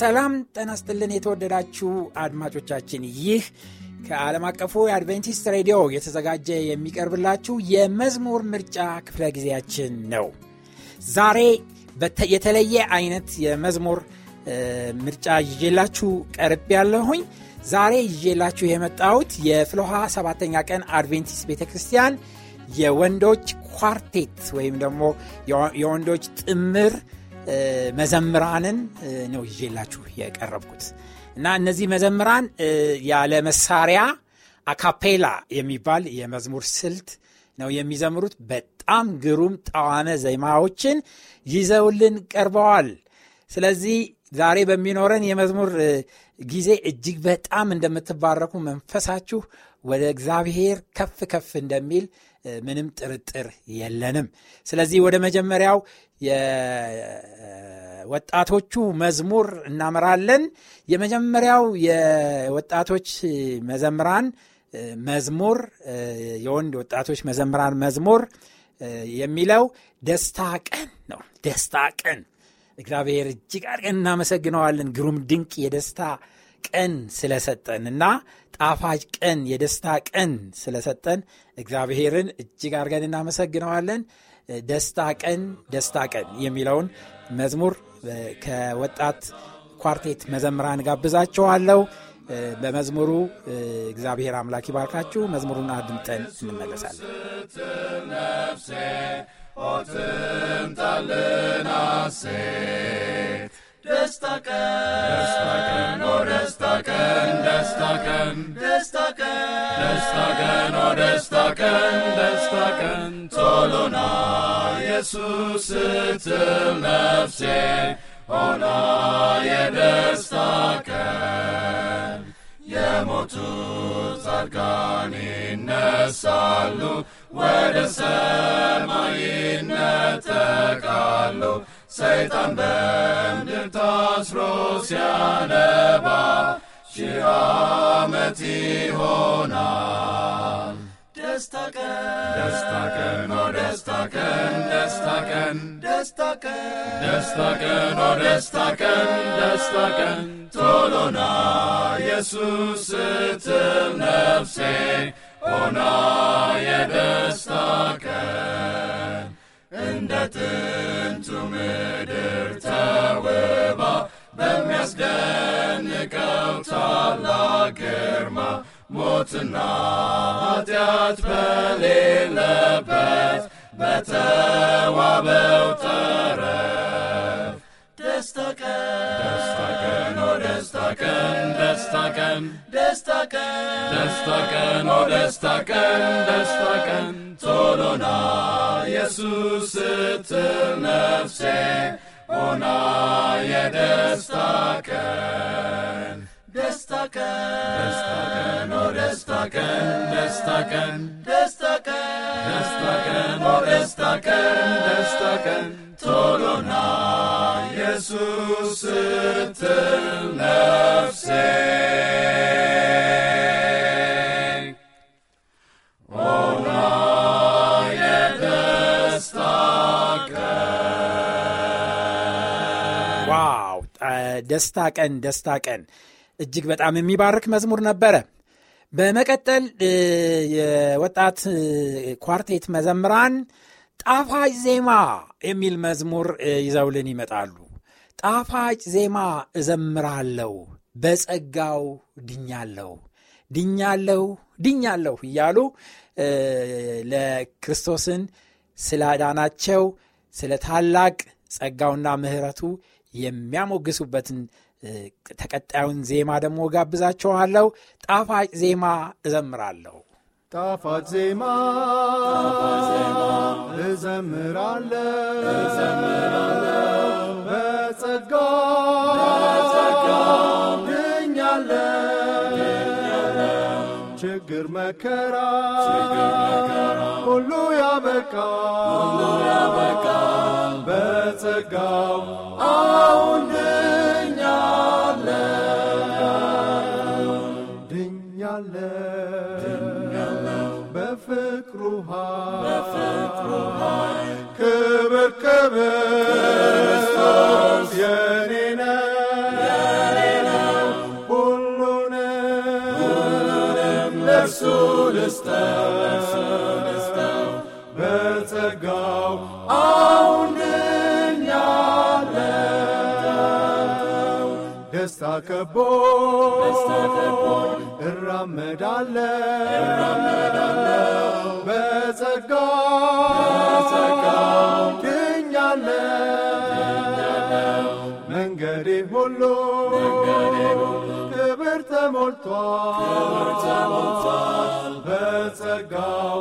ሰላም ጠናስትልን የተወደዳችሁ አድማጮቻችን ይህ ከዓለም አቀፉ የአድቬንቲስት ሬዲዮ የተዘጋጀ የሚቀርብላችሁ የመዝሙር ምርጫ ክፍለ ጊዜያችን ነው። ዛሬ የተለየ አይነት የመዝሙር ምርጫ ይዤላችሁ ቀርብ ያለሁኝ። ዛሬ ይዤላችሁ የመጣሁት የፍልውሃ ሰባተኛ ቀን አድቬንቲስት ቤተ ክርስቲያን የወንዶች ኳርቴት ወይም ደግሞ የወንዶች ጥምር መዘምራንን ነው ይዤላችሁ የቀረብኩት እና እነዚህ መዘምራን ያለ መሳሪያ አካፔላ የሚባል የመዝሙር ስልት ነው የሚዘምሩት። በጣም ግሩም ጣዕመ ዜማዎችን ይዘውልን ቀርበዋል። ስለዚህ ዛሬ በሚኖረን የመዝሙር ጊዜ እጅግ በጣም እንደምትባረኩ መንፈሳችሁ ወደ እግዚአብሔር ከፍ ከፍ እንደሚል ምንም ጥርጥር የለንም። ስለዚህ ወደ መጀመሪያው የወጣቶቹ መዝሙር እናመራለን። የመጀመሪያው የወጣቶች መዘምራን መዝሙር የወንድ ወጣቶች መዘምራን መዝሙር የሚለው ደስታ ቀን ነው። ደስታ ቀን እግዚአብሔር እጅግ አድርገን እናመሰግነዋለን። ግሩም ድንቅ የደስታ ቀን ስለሰጠን እና ጣፋጭ ቀን የደስታ ቀን ስለሰጠን እግዚአብሔርን እጅግ አድርገን እናመሰግነዋለን። ደስታ ቀን ደስታ ቀን የሚለውን መዝሙር ከወጣት ኳርቴት መዘምራን ጋብዛችኋለሁ። በመዝሙሩ እግዚአብሔር አምላክ ይባርካችሁ። መዝሙሩን አድምጠን እንመለሳለን። ነፍሴ ደስታ ደስታ ቀን ደስታ ቀን ደስታ ቀን ደስታ ቀን ሆና የደስታ ቀን የሞቱት ወደ ሰማይ ይነጠቃሉ Satan vänder tals rosjärne var, kyrame till honom. Destaken, destaken, destaken, destaken, destaken, destaken, destaken, destaken, tolona Jesus etel nefse, ona je destaken. እንደ ጥንቱ ምድር ተውባ በሚያስደንቀው ታላቅ ግርማ ሞትና ኃጢአት በሌለበት በተዋበው ተረት Destaken, destaken, oh destaken, destacan, destaken, destaken, oh destacan, destacan. Tolona Yesus ስትል ነፍሴ ሆና የደስታቀን destaken, ደስታቀን destaken, ደስታቀን destaken, destaken, ደስታቀን ኦ destaken, ደስታቀን ቶሎና ኢየሱስ ነፍሴ ሆና ደስታ ቀን ደስታ ቀን እጅግ በጣም የሚባርክ መዝሙር ነበረ በመቀጠል የወጣት ኳርቴት መዘምራን ጣፋጭ ዜማ የሚል መዝሙር ይዘውልን ይመጣሉ ጣፋጭ ዜማ እዘምራለሁ፣ በጸጋው ድኛለሁ፣ ድኛለሁ፣ ድኛለሁ እያሉ ለክርስቶስን ስላዳናቸው ስለ ታላቅ ጸጋውና ምሕረቱ የሚያሞግሱበትን ተቀጣዩን ዜማ ደግሞ ጋብዛችኋለሁ። ጣፋጭ ዜማ እዘምራለሁ ጣፋጭ ዜማ እዘምራለሁ መከራ ሁሉ ያበቃል በጸጋው አሁን ድኛለሁ ክብር ክብር ከቦ እራመዳለሁ በጸጋ ድኛለሁ መንገዴ ሁሉ ክብር ተሞልቷል በጸጋው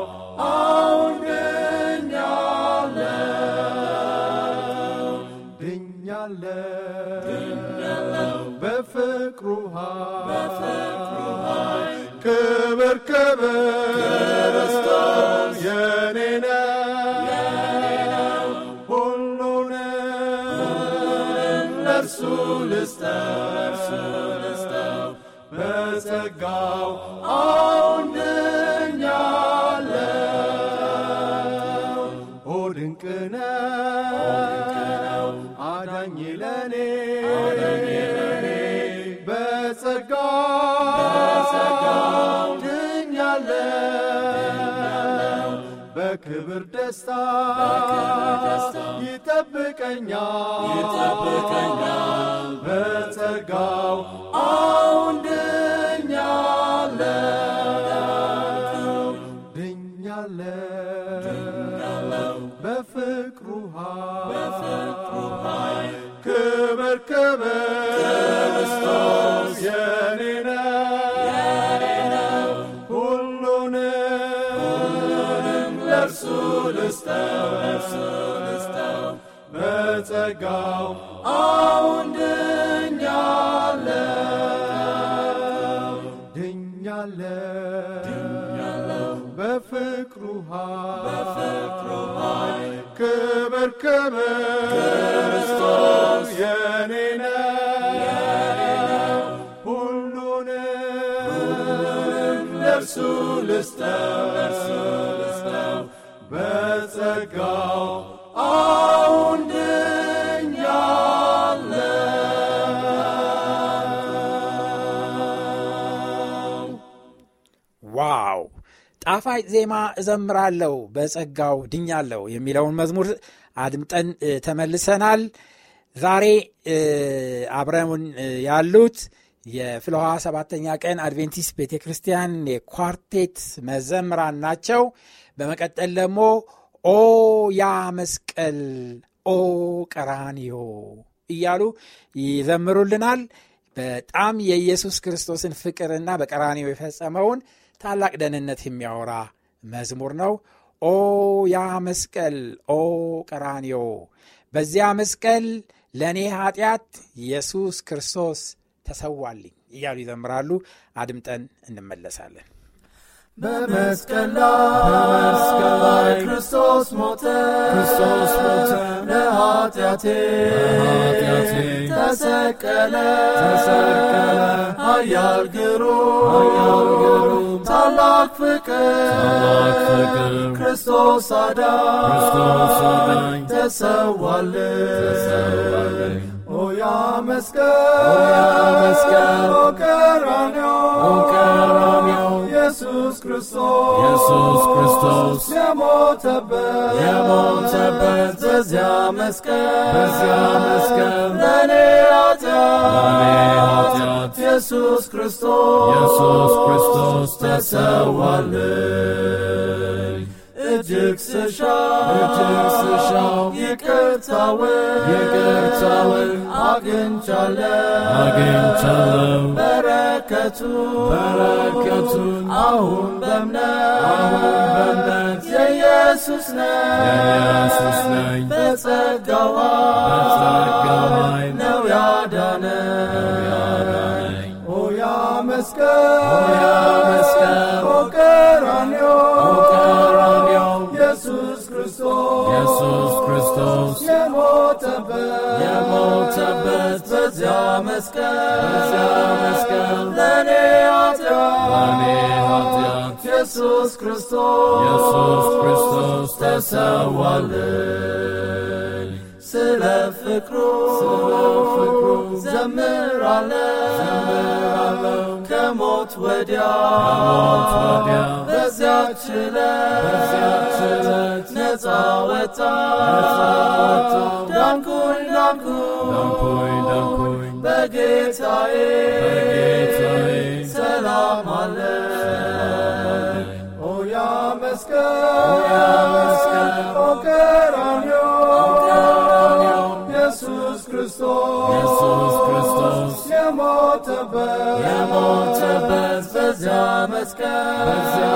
Kıbrıs ጣፋጭ ዜማ እዘምራለሁ በጸጋው ድኛለሁ የሚለውን መዝሙር አድምጠን ተመልሰናል። ዛሬ አብረውን ያሉት የፍልውሃ ሰባተኛ ቀን አድቬንቲስት ቤተ ክርስቲያን የኳርቴት መዘምራን ናቸው። በመቀጠል ደግሞ ኦ ያ መስቀል ኦ ቀራኒዮ እያሉ ይዘምሩልናል። በጣም የኢየሱስ ክርስቶስን ፍቅርና በቀራኒዮ የፈጸመውን ታላቅ ደህንነት የሚያወራ መዝሙር ነው። ኦ ያ መስቀል፣ ኦ ቀራንዮ፣ በዚያ መስቀል ለእኔ ኃጢአት ኢየሱስ ክርስቶስ ተሰዋልኝ እያሉ ይዘምራሉ። አድምጠን እንመለሳለን። በመስቀል ላይ ክርስቶስ ሞተ ክርስቶስ ሞተ ለኃጢአቴ ተሰቀለ ተሰቀለ አያል ግሩም አያል ግሩም ታላቅ ፍቅር ክርስቶስ አዳኝ ተሰዋልን ኢየሱስ ክርስቶስ የሞተበት የሞተበት በዚያ መስቀል በዚያ መስቀል ለእኔ ኃጢአት ኢየሱስ ክርስቶስ ኢየሱስ ክርስቶስ ተሰዋልን እጅግ ስሻው ይቅርታውን በረከቱ በረከቱን አሁን በእምነት የኢየሱስ ነኝ በጸጋዋ ነው ያዳነኝ ኦያ መስቀል በት በዚያ መስቀል ለእኔ ኃጢአት ኢየሱስ ክርስቶስ ተሰዋልኝ ስለ ፍቅሩ ዘምራለሁ ከሞት ወዲያ በዚያች ዕለት ነፃ ወጣ ዳንኩኝ ዳንኩኝ በጌታዬ ሰላም አለ ኦ ያ መስቀል ኦ ቀራንዮ ኢየሱስ ክርስቶስ የሞተበት በዚያ መስቀል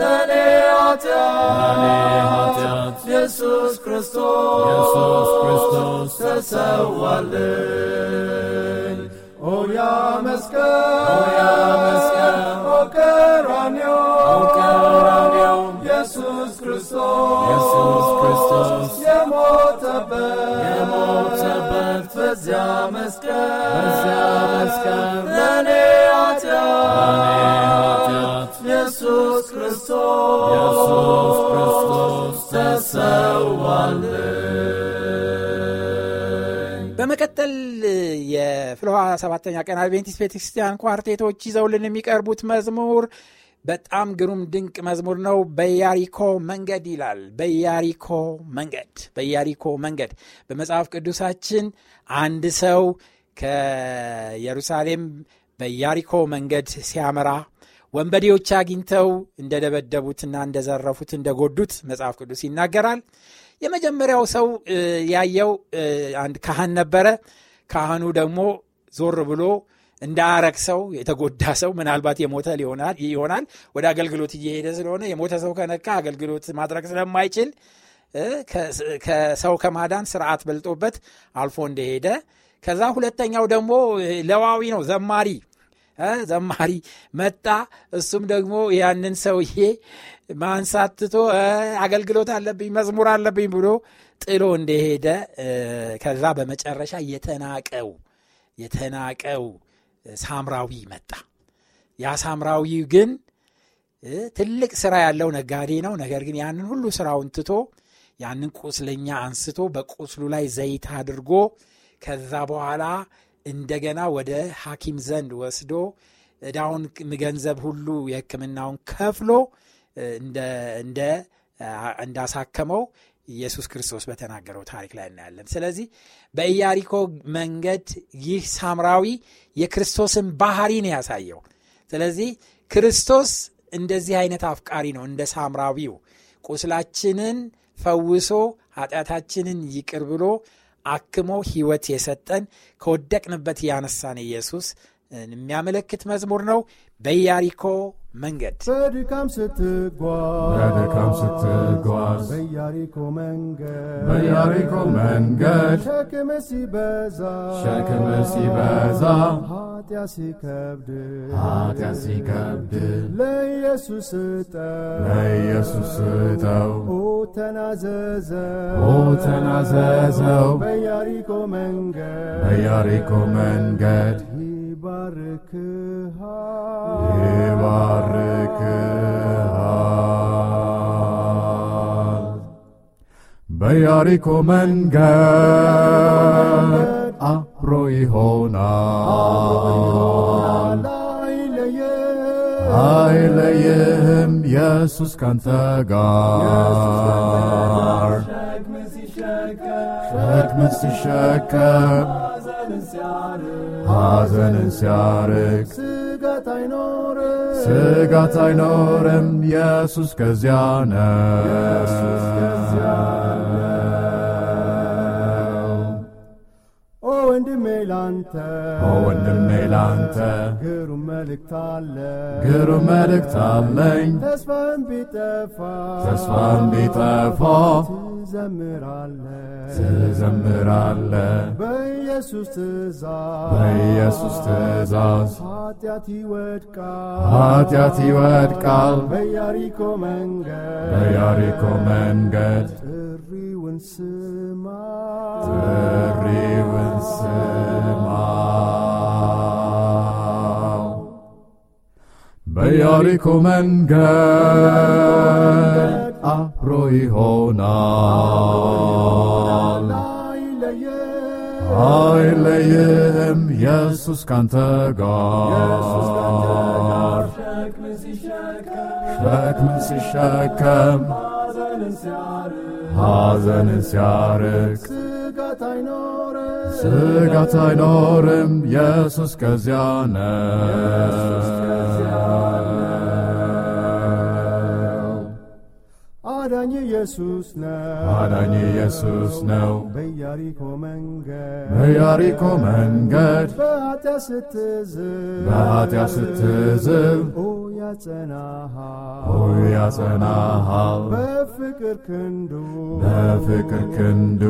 ለኔ ኃጢአት ኢየሱስ ክርስቶስ ተሰዋልን መስቀል ለእኔ ኢየሱስ ክርስቶስ በመቀጠል የፍልውሃ ሰባተኛ ቀን አድቬንቲስት ቤተክርስቲያን ኳርቴቶች ይዘውልን የሚቀርቡት መዝሙር በጣም ግሩም ድንቅ መዝሙር ነው። በያሪኮ መንገድ ይላል። በያሪኮ መንገድ በያሪኮ መንገድ በመጽሐፍ ቅዱሳችን አንድ ሰው ከኢየሩሳሌም በያሪኮ መንገድ ሲያመራ ወንበዴዎች አግኝተው እንደደበደቡትና እንደዘረፉት እንደጎዱት መጽሐፍ ቅዱስ ይናገራል። የመጀመሪያው ሰው ያየው አንድ ካህን ነበረ። ካህኑ ደግሞ ዞር ብሎ እንዳያረክ ሰው የተጎዳ ሰው ምናልባት የሞተ ይሆናል ወደ አገልግሎት እየሄደ ስለሆነ የሞተ ሰው ከነካ አገልግሎት ማድረግ ስለማይችል ከሰው ከማዳን ስርዓት በልጦበት አልፎ እንደሄደ ከዛ ሁለተኛው ደግሞ ለዋዊ ነው ዘማሪ ዘማሪ መጣ እሱም ደግሞ ያንን ሰውዬ ማንሳት ትቶ አገልግሎት አለብኝ መዝሙር አለብኝ ብሎ ጥሎ እንደሄደ ከዛ በመጨረሻ የተናቀው የተናቀው ሳምራዊ መጣ። ያ ሳምራዊ ግን ትልቅ ስራ ያለው ነጋዴ ነው። ነገር ግን ያንን ሁሉ ስራውን ትቶ ያንን ቁስለኛ አንስቶ በቁስሉ ላይ ዘይት አድርጎ ከዛ በኋላ እንደገና ወደ ሐኪም ዘንድ ወስዶ እዳውን ገንዘብ ሁሉ የህክምናውን ከፍሎ እንደ እንዳሳከመው ኢየሱስ ክርስቶስ በተናገረው ታሪክ ላይ እናያለን። ስለዚህ በኢያሪኮ መንገድ ይህ ሳምራዊ የክርስቶስን ባህሪ ነው ያሳየው። ስለዚህ ክርስቶስ እንደዚህ አይነት አፍቃሪ ነው፣ እንደ ሳምራዊው ቁስላችንን ፈውሶ ኃጢአታችንን ይቅር ብሎ አክሞ ሕይወት የሰጠን ከወደቅንበት ያነሳን ኢየሱስ የሚያመለክት መዝሙር ነው። በኢያሪኮ መንገድ በድካም ስትጓዝ በድካም ስትጓዝ በያሪኮ መንገድ በያሪኮ መንገድ ሸክም ሲበዛ ሸክም ሲበዛ ኃጢያ ሲከብድ ኃጢያ ሲከብድ ለኢየሱስ ስጠው ለኢየሱስ ስጠው ኦ ተናዘዘው ኦ ተናዘዘው በያሪኮ መንገድ በያሪኮ መንገድ ይባርክሃል በያሪኮ መንገድ አብሮ ይሆናል አይለይህም ኢየሱስ ካንተ ጋር ሸክምን ሲሸከም ሐዘንን ሲያርቅ ስጋት አይኖርም ስጋት አይኖርም ኢየሱስ ከዚያ ነው ወንድሜ ላንተ ግሩም መልእክት ግሩም መልእክት አለኝ ተስፋም ቢጠፋ ተስፋም ቢጠፋ ትዘምራለህ ትዘምራለ በኢየሱስ ትእዛዝ በኢየሱስ ትእዛዝ ኃጢአት ይወድቃል ኃጢአት ይወድቃል በያሪኮ መንገድ በያሪኮ መንገድ ጥሪውን ስማ ጥሪውን ስማ በያሪኮ መንገድ አብሮ ይሆናል አይለይም ኢየሱስ ካንተ ጋር ሸክምን ሲሸከም ሐዘንን ሲያርቅ ስጋት አይኖርም ኢየሱስ ከዚያ ነው ኢየሱስ ነው አዳኝ ኢየሱስ ነው በያሪኮ መንገድ በያሪኮ መንገድ በኃጢያ ስትዝብ በኃጢያ ስትዝብ ያጸናሃል ኦ ያጸናሃል በፍቅር ክንዱ በፍቅር ክንዱ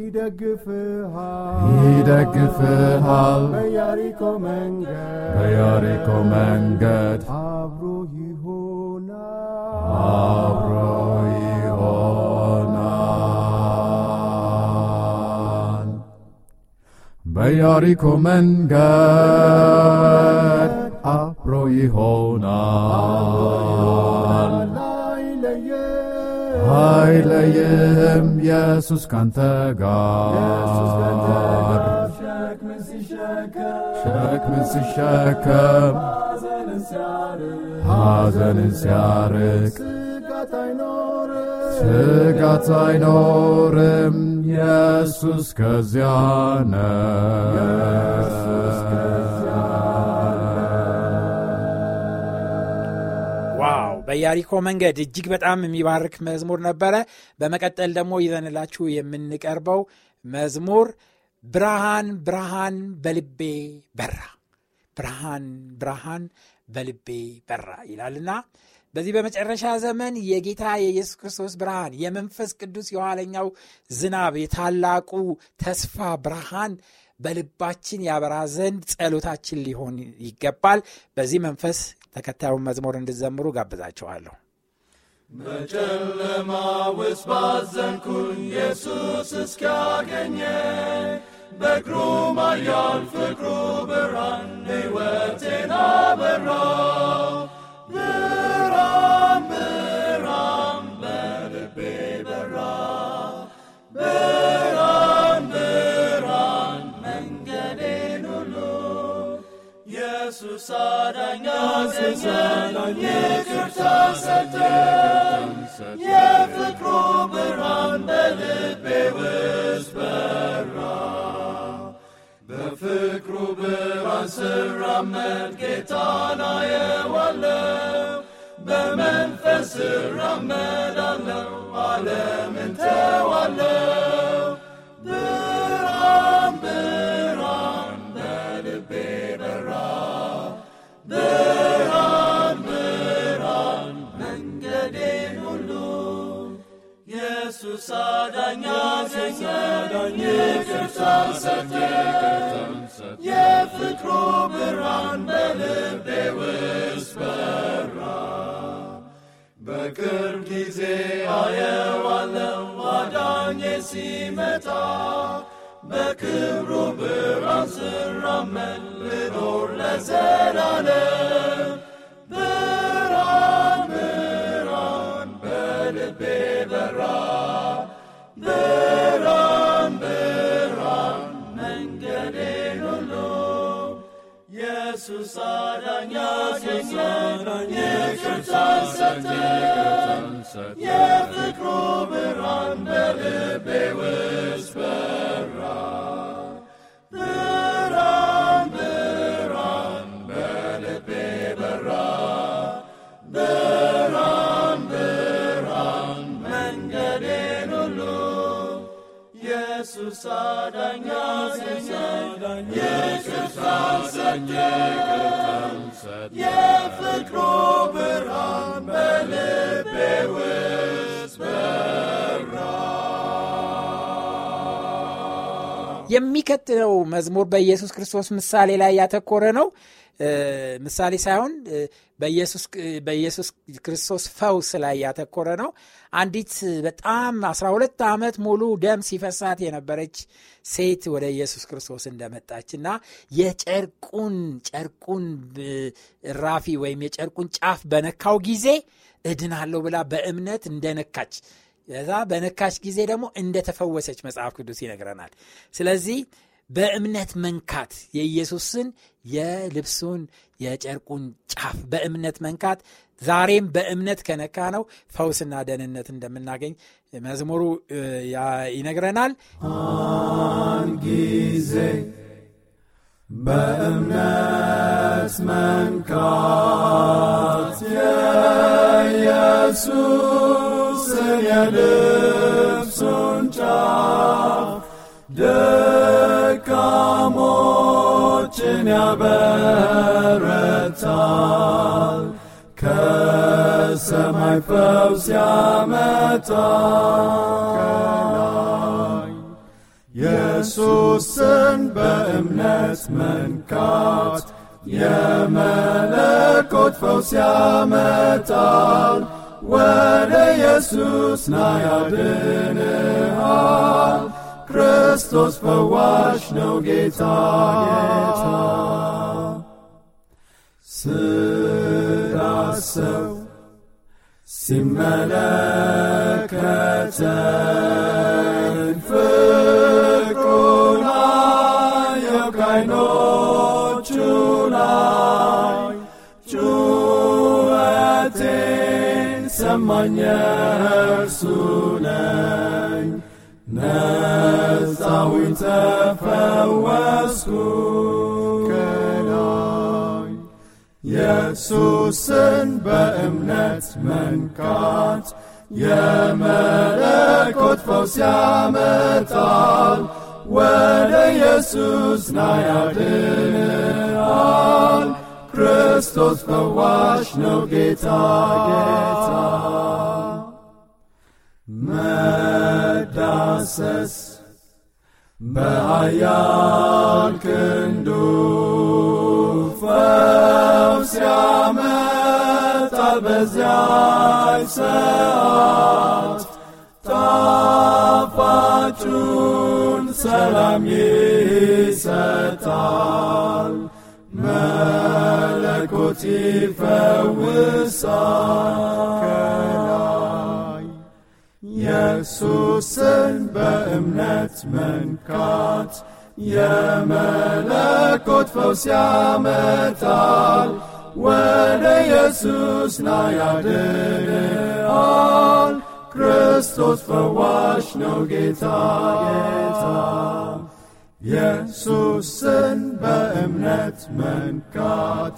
ይደግፍሃል ይደግፍሃል በያሪኮ መንገድ በያሪኮ መንገድ አብሮ ይሆናል በያሪኮ መንገድ አብሮ ይሆናል። አይለይም ኢየሱስ ካንተ ጋር ሸክምን ሲሸከም ሐዘንን ሲያርቅ ስጋት አይኖርም ኢየሱስ ከዚያ ዋው! በያሪኮ መንገድ እጅግ በጣም የሚባርክ መዝሙር ነበረ። በመቀጠል ደግሞ ይዘንላችሁ የምንቀርበው መዝሙር ብርሃን ብርሃን በልቤ በራ ብርሃን ብርሃን በልቤ በራ ይላልና በዚህ በመጨረሻ ዘመን የጌታ የኢየሱስ ክርስቶስ ብርሃን የመንፈስ ቅዱስ የኋለኛው ዝናብ የታላቁ ተስፋ ብርሃን በልባችን ያበራ ዘንድ ጸሎታችን ሊሆን ይገባል። በዚህ መንፈስ ተከታዩን መዝሙር እንድዘምሩ ጋብዛችኋለሁ። በጨለማ ውስጥ ባዘንኩን ኢየሱስ እስኪያገኘ በግሩም ፍቅሩ ብርሃን ሕይወቴን አበራው። አስዘናን ይቅርታ ሰጠን የፍቅሩ ብርሃን በልቤ ውስጥ በራ በፍቅሩ ብርሃን ስራመድ ጌታን አየዋለው በመንፈስ ስራመዳለው ዓለምን ተዋለው የፍቅሩ ብርሃን በልቤ ውስጥ በራ። በቅርብ ጊዜ አየዋለው አዳኜ ሲመጣ በክብሩ ብርሃን ስራመን ልኖር ለዘላለም Jesus I adanya senya Nie chciał się nie nie wykrobę ran, były የሚከትለው መዝሙር በኢየሱስ ክርስቶስ ምሳሌ ላይ ያተኮረ ነው። ምሳሌ ሳይሆን በኢየሱስ ክርስቶስ ፈውስ ላይ ያተኮረ ነው። አንዲት በጣም 12 ዓመት ሙሉ ደም ሲፈሳት የነበረች ሴት ወደ ኢየሱስ ክርስቶስ እንደመጣች እና የጨርቁን ጨርቁን ራፊ ወይም የጨርቁን ጫፍ በነካው ጊዜ እድናለሁ ብላ በእምነት እንደነካች ከዛ በነካች ጊዜ ደግሞ እንደተፈወሰች መጽሐፍ ቅዱስ ይነግረናል። ስለዚህ በእምነት መንካት የኢየሱስን የልብሱን የጨርቁን ጫፍ በእምነት መንካት ዛሬም በእምነት ከነካ ነው ፈውስና ደህንነት እንደምናገኝ መዝሙሩ ይነግረናል። ጊዜ በእምነት መንካት የኢየሱስ የልብሱን ጫፍ ደካሞችን ያበረታል ከሰማይ ፈውስ ያመጣል ኢየሱስን በእምነት መንካት የመለኮት ፈውስ ያመጣል ወደ ኢየሱስ ና ያድንሃል። ክርስቶስ ፈዋሽ ነው ጌታ ጌታ ስዳሰው ሲመለከተው ታማኝ እርሱ ነኝ ነፃሁኝ ተፈወስኩ ከላይ ኢየሱስን በእምነት መንካት የመለኮት ፈውስ ያመጣል ወደ ኢየሱስ ና ያድንሃል ክርስቶስ ፈዋሽ ነው ጌታ ጌታ መዳሰስ በአያል ክንዱ ፈውስ ያመጣ በዚያች ሰዓት ጣፋጩን ሰላም ይሰጣል መለኮት ይፈውሳል። ኢየሱስን በእምነት መንካት የመለኮት ፈውስ ያመጣል። ወደ ኢየሱስ ና ያድንሃል። ክርስቶስ ፈዋሽ ነው ጌታ ጌታ። ኢየሱስን በእምነት መንካት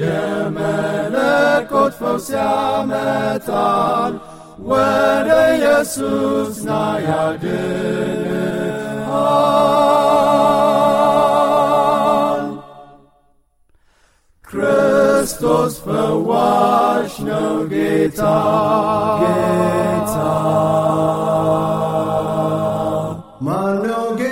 የመለኮት ፈውስ ያመጣል ወደ ኢየሱስ ና ያድንሃል ክርስቶስ ፈዋሽ ነው ጌታ ጌታ ማነው ጌታ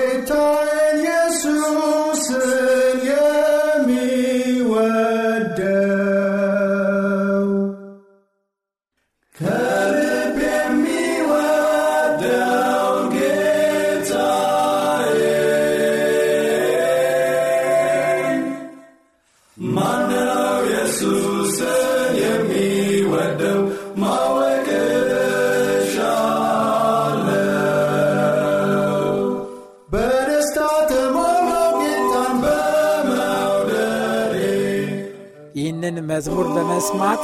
ይህንን መዝሙር በመስማት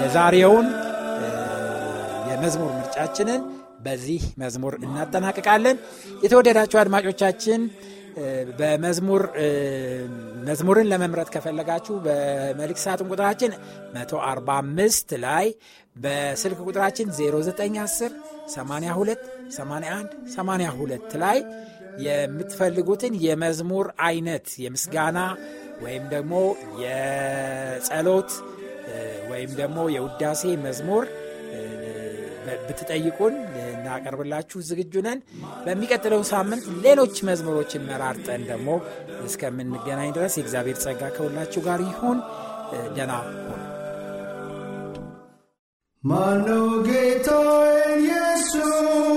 የዛሬውን የመዝሙር ምርጫችንን በዚህ መዝሙር እናጠናቅቃለን። የተወደዳችሁ አድማጮቻችን በመዝሙር መዝሙርን ለመምረጥ ከፈለጋችሁ በመልክ ሳጥን ቁጥራችን 145 ላይ በስልክ ቁጥራችን 0910 82 81 82 ላይ የምትፈልጉትን የመዝሙር አይነት የምስጋና ወይም ደግሞ የጸሎት ወይም ደግሞ የውዳሴ መዝሙር ብትጠይቁን ልናቀርብላችሁ ዝግጁ ነን። በሚቀጥለው ሳምንት ሌሎች መዝሙሮችን መራርጠን ደግሞ እስከምንገናኝ ድረስ የእግዚአብሔር ጸጋ ከሁላችሁ ጋር ይሁን። ደና ሁኑ። ማነው ጌታዬን ኢየሱስ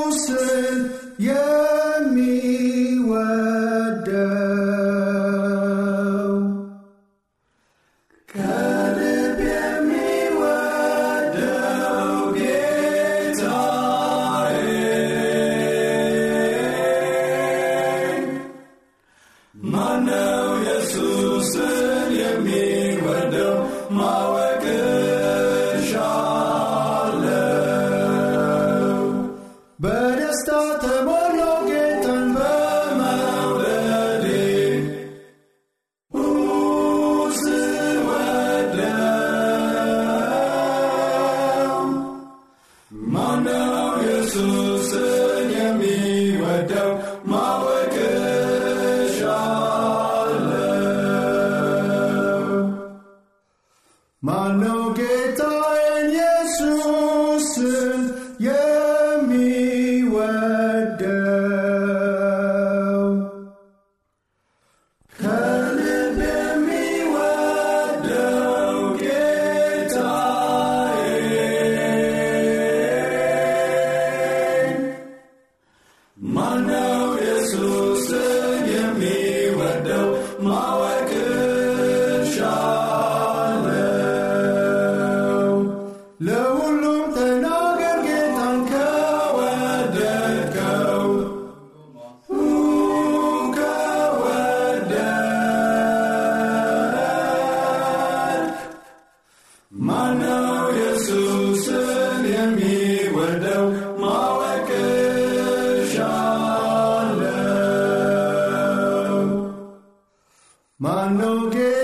droge dein Jesus'ın मानोगे